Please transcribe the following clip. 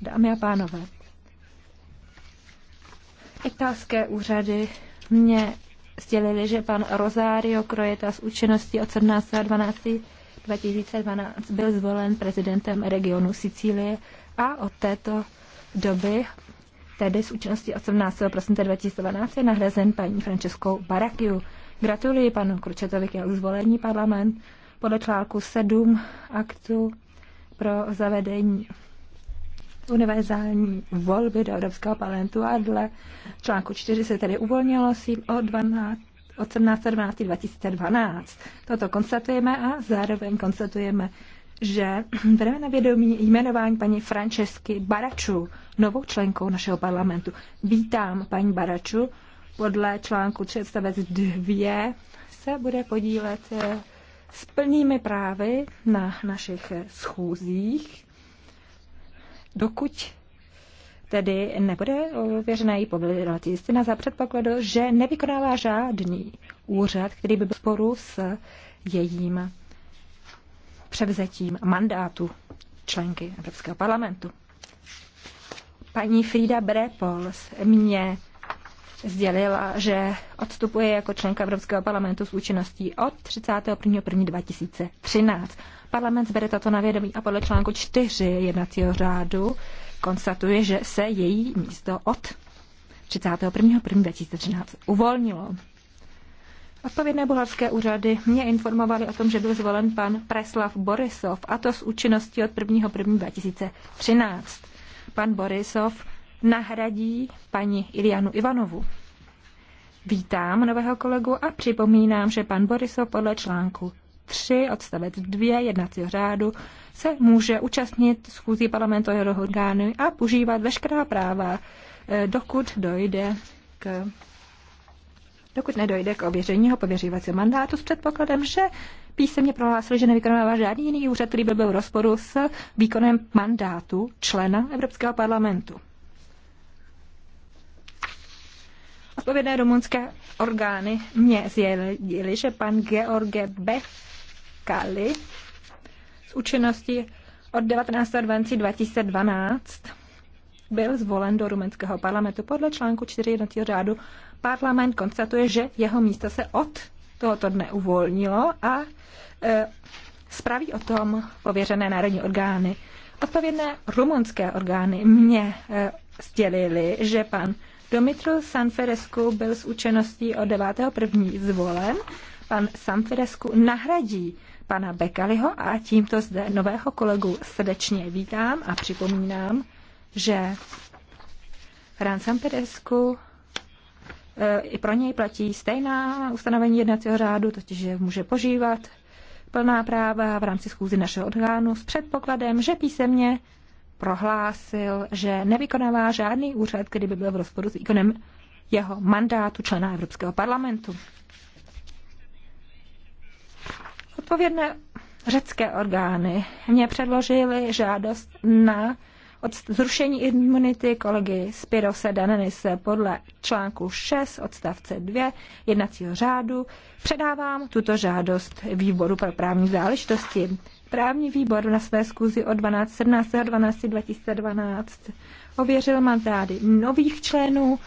Dámy a pánové, italské úřady mě sdělili, že pan Rosario Crojeta s účinností od 17. 12. 2012 byl zvolen prezidentem regionu Sicílie a od této doby, tedy s účinností 18. prosince 2012, je nahrazen paní Franceskou Barakiu. Gratuluji panu Kručetovi k jeho zvolení parlament podle článku 7 aktu pro zavedení univerzální volby do Evropského parlamentu a dle článku 4 se tedy uvolnilo si o 12 od 17. 12. 2012. Toto konstatujeme a zároveň konstatujeme, že bereme na vědomí jmenování paní Francesky Baraču novou členkou našeho parlamentu. Vítám paní Baraču. Podle článku 3 odstavec 2 se bude podílet eh, s plnými právy na našich schůzích dokud tedy nebude ověřena její povědělat jistina za předpokladu, že nevykonává žádný úřad, který by byl sporu s jejím převzetím mandátu členky Evropského parlamentu. Paní Frida Brepols mě sdělil, že odstupuje jako členka Evropského parlamentu s účinností od 31.1.2013. Parlament zbere toto na vědomí a podle článku 4 jednacího řádu konstatuje, že se její místo od 31.1.2013 uvolnilo. Odpovědné bulharské úřady mě informovaly o tom, že byl zvolen pan Preslav Borisov, a to s účinností od 1.1.2013. Pan Borisov nahradí paní Ilianu Ivanovu. Vítám nového kolegu a připomínám, že pan Borisov podle článku 3 odstavec 2 jednacího řádu se může účastnit schůzí parlamentu jeho orgány a používat veškerá práva, eh, dokud dojde k dokud nedojde k ověření jeho pověřívacího mandátu s předpokladem, že písemně prohlásil, že nevykonává žádný jiný úřad, který by byl v rozporu s výkonem mandátu člena Evropského parlamentu. Odpovědné rumunské orgány mě sdělili, že pan George Bekali z účinnosti od 19. 2012 byl zvolen do rumunského parlamentu. Podle článku 4 jednacího řádu parlament konstatuje, že jeho místo se od tohoto dne uvolnilo a e, zpraví o tom pověřené národní orgány. Odpovědné rumunské orgány mě e, sdělili, že pan Domitru Sanferescu byl s účinností od 9.1. zvolen. Pan Sanferescu nahradí pana Bekaliho a tímto zde nového kolegu srdečně vítám a připomínám, že Fran Sanferescu eh, i pro něj platí stejná ustanovení jednacího řádu, totiž že může požívat plná práva v rámci schůzy našeho orgánu s předpokladem, že písemně prohlásil, že nevykonává žádný úřad, který by byl v rozporu s výkonem jeho mandátu člena Evropského parlamentu. Odpovědné řecké orgány mě předložily žádost na od zrušení imunity kolegy Spirose Danenise podle článku 6 odstavce 2 jednacího řádu předávám tuto žádost výboru pro právní záležitosti. Právní výbor na své zkuzi o 12. 17. 12. 2012 ověřil mandády nových členů